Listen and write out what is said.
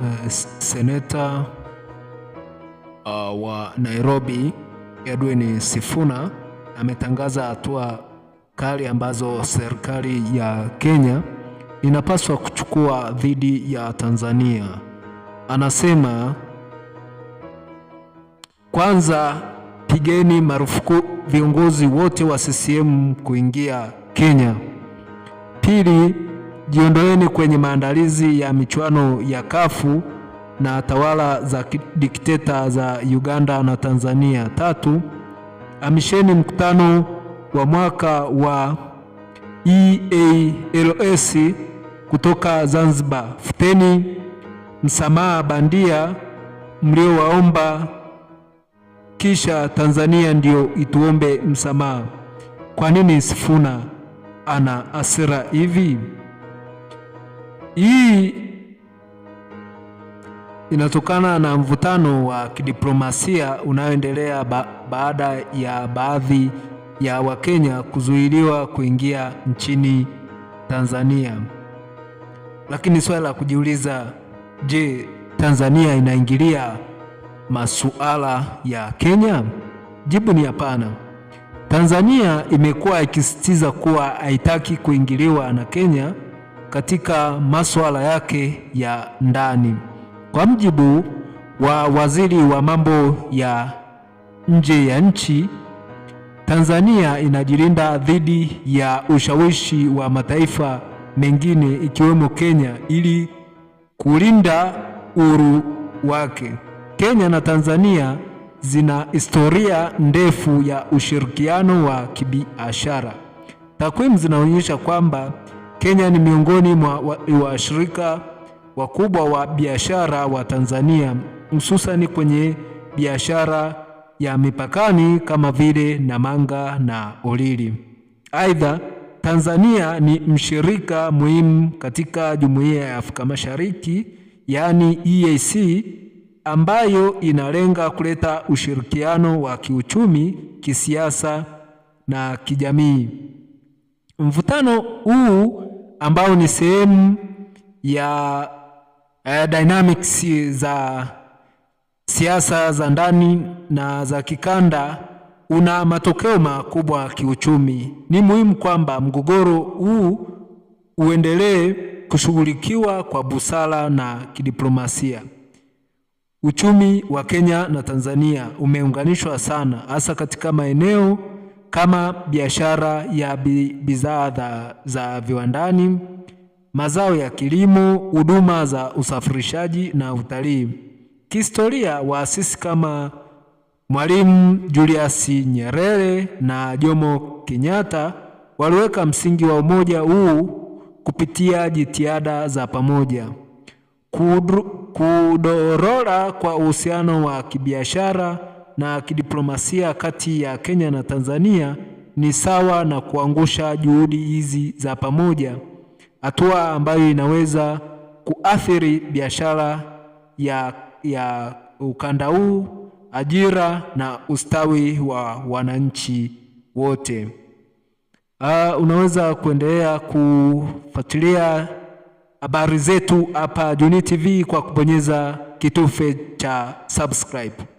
Eh, seneta uh, wa Nairobi Edwin Sifuna ametangaza hatua kali ambazo serikali ya Kenya inapaswa kuchukua dhidi ya Tanzania. Anasema kwanza, pigeni marufuku viongozi wote wa CCM kuingia Kenya. Pili, Jiondoeni kwenye maandalizi ya michuano ya kafu na tawala za dikteta za Uganda na Tanzania. Tatu, amisheni mkutano wa mwaka wa EALS kutoka Zanzibar. Futeni msamaha bandia mliowaomba, kisha Tanzania ndio ituombe msamaha. Kwa nini Sifuna ana asira hivi? Hii inatokana na mvutano wa kidiplomasia unaoendelea ba baada ya baadhi ya Wakenya kuzuiliwa kuingia nchini Tanzania. Lakini swala la kujiuliza, je, Tanzania inaingilia masuala ya Kenya? Jibu ni hapana. Tanzania imekuwa ikisisitiza kuwa haitaki kuingiliwa na Kenya katika masuala yake ya ndani. Kwa mjibu wa waziri wa mambo ya nje ya nchi, Tanzania inajilinda dhidi ya ushawishi wa mataifa mengine ikiwemo Kenya ili kulinda uhuru wake. Kenya na Tanzania zina historia ndefu ya ushirikiano wa kibiashara. Takwimu zinaonyesha kwamba Kenya ni miongoni mwa washirika wakubwa wa, wa, wa biashara wa Tanzania hususan kwenye biashara ya mipakani kama vile Namanga na Olili. Aidha, Tanzania ni mshirika muhimu katika Jumuiya ya Afrika Mashariki, yaani EAC, ambayo inalenga kuleta ushirikiano wa kiuchumi, kisiasa na kijamii. Mvutano huu ambao ni sehemu ya uh, dynamics za siasa za ndani na za kikanda una matokeo makubwa kiuchumi. Ni muhimu kwamba mgogoro huu uendelee kushughulikiwa kwa busara na kidiplomasia. Uchumi wa Kenya na Tanzania umeunganishwa sana, hasa katika maeneo kama biashara ya bidhaa za, za viwandani, mazao ya kilimo, huduma za usafirishaji na utalii. Kihistoria, waasisi kama Mwalimu Julius Nyerere na Jomo Kenyatta waliweka msingi wa umoja huu kupitia jitihada za pamoja. Kudorora kwa uhusiano wa kibiashara na kidiplomasia kati ya Kenya na Tanzania ni sawa na kuangusha juhudi hizi za pamoja, hatua ambayo inaweza kuathiri biashara ya, ya ukanda huu, ajira na ustawi wa wananchi wote. Uh, unaweza kuendelea kufuatilia habari zetu hapa Junii TV kwa kubonyeza kitufe cha subscribe.